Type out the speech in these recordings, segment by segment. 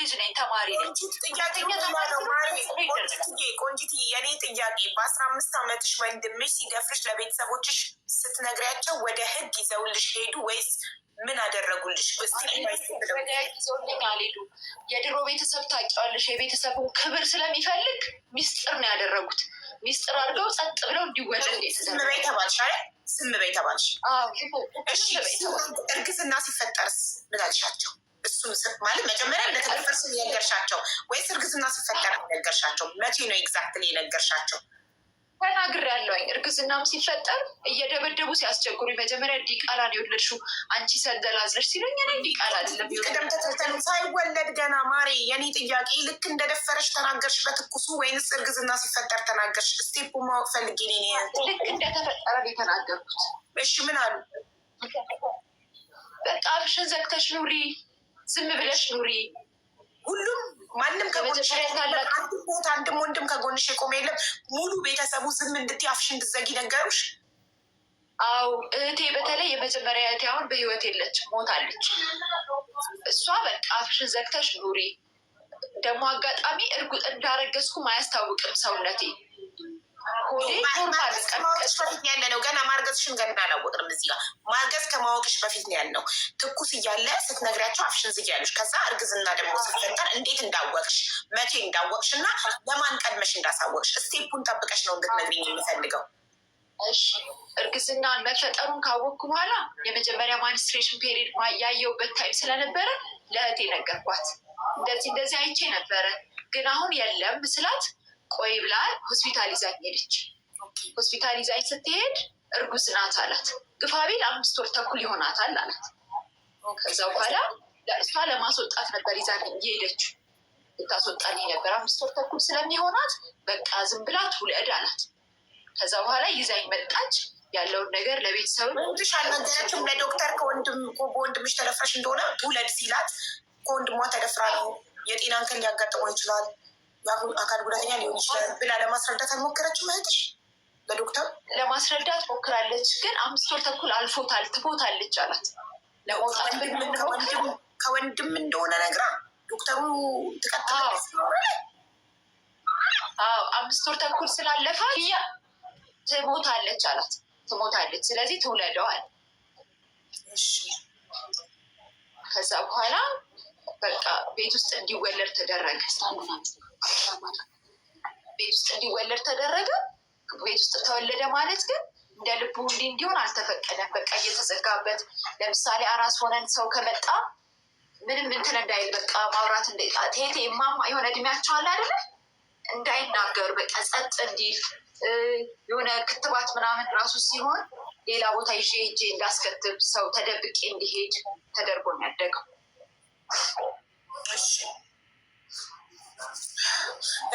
ልጅ ነኝ፣ ተማሪ ነኝ። የኔ ጥያቄ በአስራ አምስት ዓመትሽ ወንድምሽ ሲደፍርሽ ለቤተሰቦችሽ ስትነግሪያቸው ወደ ህግ ይዘውልሽ ሄዱ ወይስ ምን አደረጉልሽ? የድሮ ቤተሰብ ታውቂዋለሽ፣ የቤተሰቡን ክብር ስለሚፈልግ ሚስጥር ነው ያደረጉት። ሚስጥር አድርገው ጸጥ ብለው እንዲወለድ ስም በይ ተባልሽ አይደል? ስም በይ ተባልሽ። እርግዝና ሲፈጠርስ ምን አልሻቸው? እሱም ማለት መጀመሪያ እንደተደፈርስ የነገርሻቸው ወይስ እርግዝና ሲፈጠር የነገርሻቸው? መቼ ነው ኤግዛክትሊ የነገርሻቸው? ተናግሬያለሁኝ። እርግዝናም ሲፈጠር እየደበደቡ ሲያስቸግሩኝ መጀመሪያ ዲቃላ ነው የወለድሽው አንቺ ሰንደላዝለሽ ሲሉኝ እኔ ዲቃላ አይደለም ቅደም ተከተሉ ሳይወለድ ገና ማሬ፣ የኔ ጥያቄ ልክ እንደደፈረሽ ተናገርሽ በትኩሱ ወይንስ እርግዝና ሲፈጠር ተናገርሽ? ስቴፑ ማወቅ ፈልጌ ነው። ልክ እንደተፈጠረ ነው የተናገርኩት። እሺ ምን አሉ? በቃ አፍሽን ዘግተሽ ኑሪ ዝም ብለሽ ኑሪ። ሁሉም ማንም ከጎንሽ ቦታ አንድም ወንድም ከጎንሽ የቆመ የለም። ሙሉ ቤተሰቡ ዝም እንድት አፍሽ እንድዘጊ ነገሩሽ። አው እህቴ በተለይ የመጀመሪያ እህቴ አሁን በህይወት የለችም፣ ሞታለች። እሷ በቃ አፍሽን ዘግተሽ ኑሪ። ደግሞ አጋጣሚ እርጉጥ እንዳረገዝኩም አያስታውቅም ሰውነቴ ከማወቅሽ በፊት ያለ ነው። ገና ማርገዝሽን ገና አላወቅንም። እዚህ ጋር ማርገዝ ከማወቅሽ በፊት ነው ያለው። ትኩስ እያለ ስትነግሪያቸው አፍሽን ዝጊ ያሉሽ። ከዛ እርግዝና ደግሞ ስትፈጠር እንዴት እንዳወቅሽ፣ መቼ እንዳወቅሽ እና ለማን ቀድመሽ እንዳሳወቅሽ እስቴፑን ጠብቀሽ ነው እንድትነግሪኝ እሺ መፈጠሩን ካወቅኩ በኋላ የመጀመሪያ ማንስትሬሽን ፔሪድ ያየውበት ታይም ስለነበረ ለእህቴ ነገርኳት። እንደዚህ እንደዚህ አይቼ ነበረ ግን አሁን የለም ስላት ቆይ ብላ ሆስፒታል ይዛኝ ሄደች። ሆስፒታል ይዛኝ ስትሄድ እርጉዝ ናት አላት። ግፋቤል አምስት ወር ተኩል ይሆናታል አላት። ከዛ በኋላ ለእሷ ለማስወጣት ነበር ይዛኝ የሄደችው ልታስወጣኝ ነበር። አምስት ወር ተኩል ስለሚሆናት በቃ ዝም ብላ ትውለድ አላት። ከዛ በኋላ ይዛኝ መጣች። ያለውን ነገር ለቤተሰብ ትንሽ አልነገረችም። ለዶክተር ከወንድም በወንድምሽ ተደፍረሽ እንደሆነ ትውለድ ሲላት ከወንድሟ ተደፍራ ነው የጤና እንክን ሊያጋጥመው ይችላል አካል ጉዳተኛ ሊሆን ይችላል ብላ ለማስረዳት አልሞከረችም እህትሽ? ለዶክተር ለማስረዳት ሞክራለች፣ ግን አምስት ወር ተኩል አልፎታል ትቦታለች አላት። ከወንድም እንደሆነ ነግራ ዶክተሩ ትቀጥላለች። አምስት ወር ተኩል ስላለፋ ያ ትሞታለች አላት። ትሞታለች፣ ስለዚህ ትውለደዋል። ከዛ በኋላ በቃ ቤት ውስጥ እንዲወለድ ተደረገ። ቤት ውስጥ እንዲወለድ ተደረገ። ቤት ውስጥ ተወለደ ማለት ግን እንደ ልቡ እንዲ እንዲሆን አልተፈቀደም። በቃ እየተዘጋበት ለምሳሌ አራስ ሆነን ሰው ከመጣ ምንም እንትን እንዳይል በቃ ማውራት ቴቴ ማማ የሆነ እድሜያቸው አለ አይደለ እንዳይናገሩ በቃ ጸጥ እንዲል የሆነ ክትባት ምናምን ራሱ ሲሆን ሌላ ቦታ ይዤ ሄጄ እንዳስከትብ ሰው ተደብቄ እንዲሄድ ተደርጎ ነው ያደገው።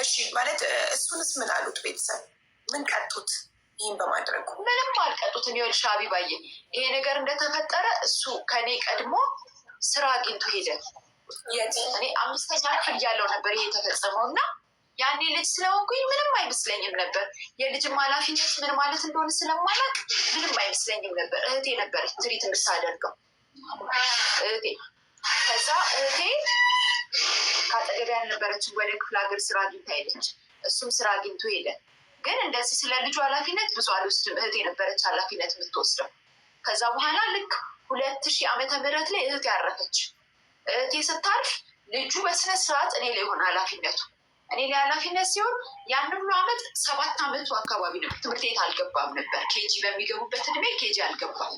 እሺ ማለት እሱንስ ምን አሉት? ቤተሰብ ምን ቀጡት? ይህን በማድረጉ ምንም አልቀጡት። ሻቢ ባየ ይሄ ነገር እንደተፈጠረ እሱ ከኔ ቀድሞ ስራ አግኝቶ ሄደ። እኔ አምስተኛ ክፍል እያለሁ ነበር ይሄ የተፈጸመው እና ያኔ ልጅ ስለሆንኩኝ ምንም አይመስለኝም ነበር። የልጅም ኃላፊነት ምን ማለት እንደሆነ ስለማላውቅ ምንም አይመስለኝም ነበር። እህቴ ነበረች ትሪት የምታደርገው እህቴ ከዛ እህቴ ከአጠገቢ ያልነበረችን ወደ ክፍለ ሀገር ስራ አግኝታ ሄደች። እሱም ስራ አግኝቶ ሄደ። ግን እንደዚህ ስለ ልጁ ኃላፊነት ብዙ አልወስድም፣ እህቴ የነበረች ኃላፊነት የምትወስደው። ከዛ በኋላ ልክ ሁለት ሺህ ዓመተ ምህረት ላይ እህቴ አረፈች። እህቴ ስታርፍ ልጁ በስነ ስርዓት እኔ ላይ ሆነ ኃላፊነቱ እኔ ላይ ኃላፊነት ሲሆን ያን ሁሉ ዓመት ሰባት ዓመቱ አካባቢ ነበር ትምህርት ቤት አልገባም ነበር። ኬጂ በሚገቡበት እድሜ ኬጂ አልገባም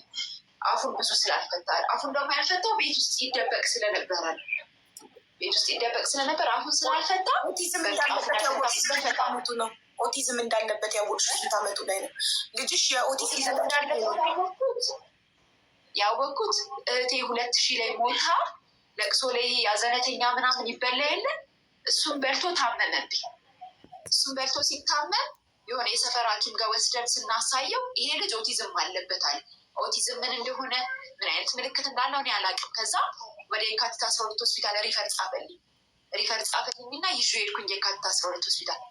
አፉን ብዙ ስላልፈታል። አፉን ደግሞ ያልፈታው ቤት ውስጥ ይደበቅ ስለነበረ ቤት ውስጥ ይደበቅ ስለነበር አሁን ስላልፈታ ኦቲዝም ነው። ኦቲዝም እንዳለበት ያወቅሽ ስንት ዓመቱ ላይ ነው ልጅሽ? የኦቲዝም እንዳለበት ያወቅኩት እህቴ ሁለት ሺህ ላይ ሞታ ለቅሶ ላይ ያዘነተኛ ምናምን ይበላ የለ እሱም በልቶ ታመመብኝ። እሱም በልቶ ሲታመም የሆነ የሰፈራችን ጋር ወስደን ስናሳየው ይሄ ልጅ ኦቲዝም አለበታል ኦቲዝም ምን እንደሆነ ምን አይነት ምልክት እንዳለው እኔ አላውቅም። ከዛ ወደ የካቲት አስራ ሁለት ሆስፒታል ሪፈር ጻፈልኝ ሪፈር ጻፈልኝ እና ይዤ ሄድኩኝ የካቲት አስራ ሁለት ሆስፒታል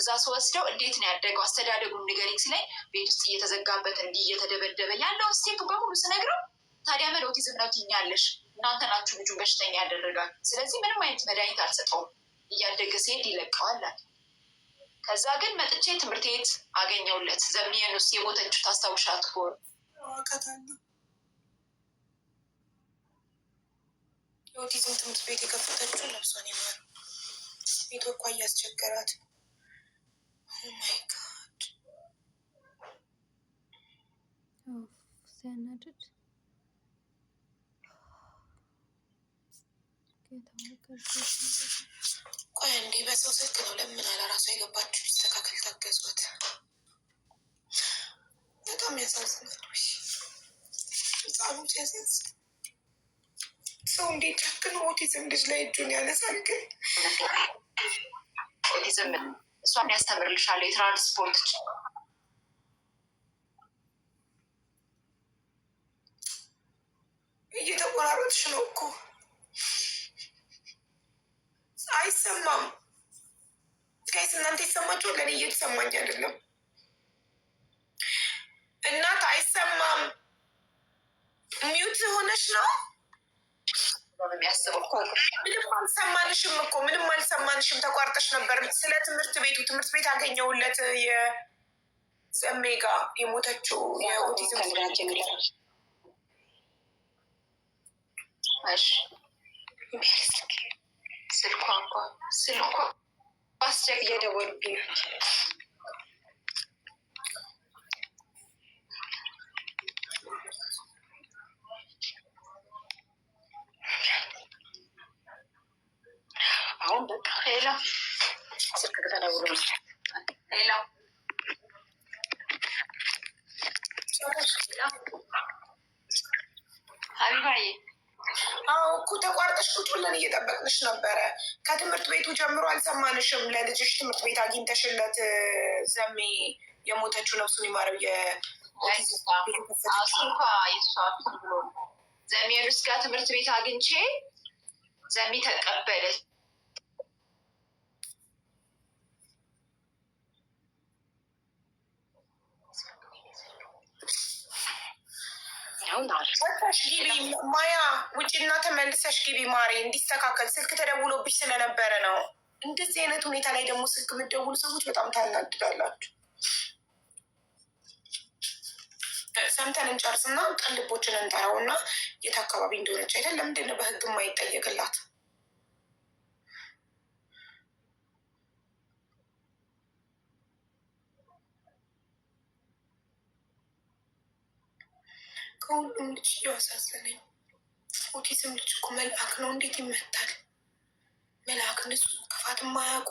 እዛ ስወስደው እንዴት ነው ያደገው አስተዳደጉን ንገሪኝ ሲለኝ ቤት ውስጥ እየተዘጋበት እንዲህ እየተደበደበ ያለው ስቴፕ በሙሉ ስነግረው ታዲያ ምን ኦቲዝም ነው ትይኛለሽ? እናንተ ናችሁ ልጁ በሽተኛ ያደረጋል። ስለዚህ ምንም አይነት መድኃኒት አልሰጠውም፣ እያደገ ሲሄድ ይለቀዋል። ከዛ ግን መጥቼ ትምህርት ቤት አገኘውለት ዘሚየን ውስጥ የሞተችው ታስታውሻት ሆን አውቃታለሁ። የኦቲዝም ትምህርት ቤት የከፈተችው ነፍሷን ይማር ቤቷ እኳ እያስቸገራት ማይ ጋድ oh ሲያናድድ ቆይ እንዴ! በሰው ስልክ ነው ለምን አለ ራሷ የገባችው። ሊስተካከል ታገዟት። በጣም ያሳዝናል። ህፃኑ ሲያሳዝ ሰው እንዴት ጨክኖ ኦቲዝም ልጅ ላይ እጁን ያነሳል? ግን ኦቲዝም እሷን ያስተምርልሻል የትራንስፖርት እየተቆራረጥሽ ነው እኮ አይሰማም። ጋይስ እናንተ ይሰማችኋል? ለእኔ እየተሰማኝ አይደለም። ሆነሽ ነው ምንም አልሰማንሽም እኮ ምንም አልሰማንሽም። ተቋርጠሽ ነበር። ስለ ትምህርት ቤቱ ትምህርት ቤት አገኘውለት የዘሜጋ የሞተችው የኦቲዝም ስልኳ ስልኳ እየደወሉብኝ ናቸው። አሁን በቃ ስልክ ተደውሎ አዎ እኮ ተቋርጠሽ ቁጭ ብለን እየጠበቅንሽ ነበረ። ከትምህርት ቤቱ ጀምሮ አልሰማንሽም። ለልጅሽ ትምህርት ቤት አግኝተሽለት ዘሜ የሞተችው ነፍሱን ይማረው የሱንኳ ርስጋ ትምህርት ቤት አግኝቼ ዘሜ ተቀበለች ማያ ውጭና ተመልሰሽ ግቢ ማሬ፣ እንዲስተካከል ስልክ ተደውሎብሽ ስለነበረ ነው። እንደዚህ አይነት ሁኔታ ላይ ደግሞ ስልክ የምደውሉ ሰዎች በጣም ታናድዳላችሁ። ሰምተን እንጨርስና ቅልቦችን እንጠራውና የት አካባቢ እንደሆነች አይደል? ለምንድን ነው በህግ የማይጠየቅላት? እስካሁን እንድችየው አሳዘነኝ። ፎቲስም ልጅ እኮ መልአክ ነው፣ እንዴት ይመታል? መልአክ ንጹህ ክፋት ማያውቁ